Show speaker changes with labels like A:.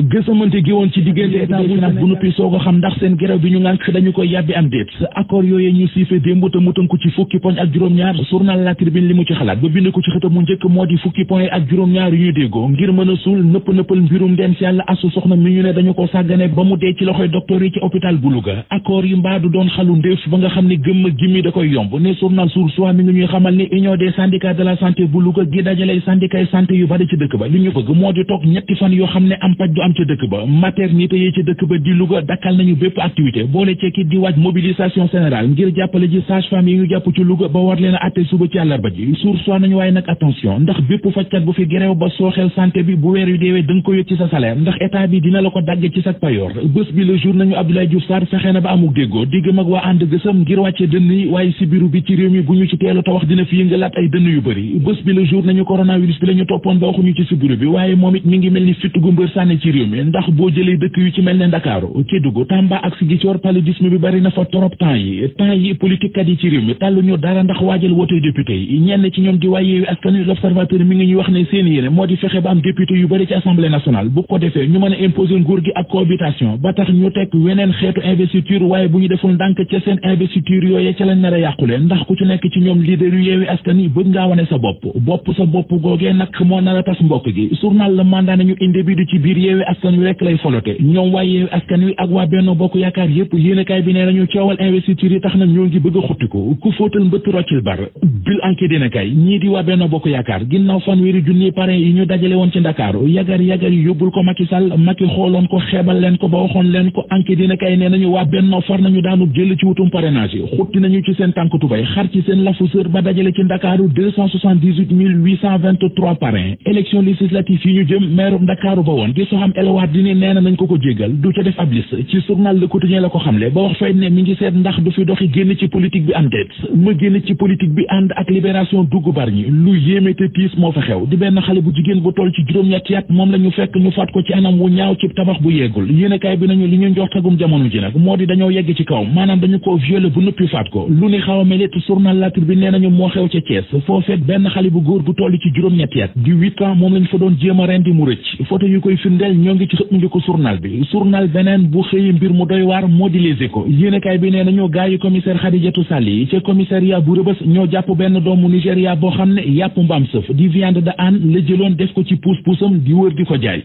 A: gësamante gi woon ci diggante état bu nag bu noppi soo ko xam ndax seen grève bi ñu ngànk dañu koy yàbbi am déet sa accord yooyee ñu siife démb te ci fukki poñ ak juróom-ñaar journal déggoo ngir mën suul nëpp nëppal mbirum dem si yàlla asu soxna mi ñu ne dañu ko sàggane ba mu dee ci loxoy docteur yi ci hôpital bu Louga accord yi mbaa du doon xalu ndéef ba nga xam ne gëmm gimmi da koy yomb ne journal Sour Soit mi ngi ñuy xamal ni union des syndicats de bu am ca dëkk ba maternité yi ca dëkk ba di Louga dakkal nañu bépp activité boole a atte santé bi bu weer yu deewee da nga ko yëg ci sa salaire ndax état bi dina la ko dagg ci sa payoor bés bi le jour nañu Abdoulaye Diouf Sarr na ba amuk déggoo digg mag waa ànd gësam ngir wàcce dënn yi waaye si bi ci réew mi bu ñu ci teelu ta wax dina fi yëngalaat ay dënn yu bëri bés bi le jour nañu coronavirus bi la toppoon ba waxuñu ci si bi waaye moom it mi ngi mel ni fitt gu mbër sànni ci ci réew mi ndax boo jëlee dëkk yu ci mel ne Dakar Kédougou Tamba ak Ziguinchor paludisme bi bari na fa trop temps yi temps yi politique kat yi ci réew mi tàlluñu dara ndax waajal wote député yi ñenn ci ñoom di waa Yewwi Askan Wi l'Observateur mi ngi ñuy wax ne seen yéene moo di fexe ba am député yu bari ci assemblée nationale bu ko defee ñu mën a imposer nguur gi ak cohabitation ba tax ñu teg weneen xeetu investiture waaye bu ñu deful ndànk yeewi askan wi rek lay folote ñoom waa askan wi ak waa Benno Bokk Yaakaar yëpp yéenekaay bi nee nañu coowal investiture yi tax na ñoo ngi bëgg a xuttiku ku fóotal mbëtt roccil bar bil enquête yéenekaay ñii di waa Benno Bokk Yaakaar ginnaaw fanweeri junni parrain yi ñu dajale woon ci Ndakaaru yagar yagar yi yóbbul ko Macky Sall Macky xooloon ko xeebal leen ko ba waxoon leen ko enquête yéenekaay nee nañu waa Benno far nañu daanu jël ci wutum parrainage xutti nañu Maam El Wade ni nee na nañ ko ko jéggal du ca def ab liste ci journal Le Quotidien la bi am déet ma bi ànd ak libération dugg bar ñi lu yéeme te xew di benn xale bu jigéen bu toll ci juróom-ñetti at moom la ñu fekk ñu faat ko ci anam wu ñaaw ci tabax bu bi nañu li ñu njortagum jamono ji moo di dañoo yegg ci kawam maanaam dañu ko violé a mel it journal xew ca Thiès foofeet benn xale bu góor bu toll ci juróom-ñetti at di huit ans moom lañ fa doon jéem a rendi mu rëcc photo yu koy firndeel ñoo ngi ci xët mu njëkk journal bi journal beneen bu xëyi mbir mu doy waar moo di Les Échos yéenekaay bi nee nañu gaa yi commissaire Khadijatou Sall yi ca commissariat bu Rebeuss ñoo jàpp benn doomu Nigéria boo xam ne yàpp mbaam sëf di viande de âne la jëloon def ko ci puus puusam di wër di ko jaay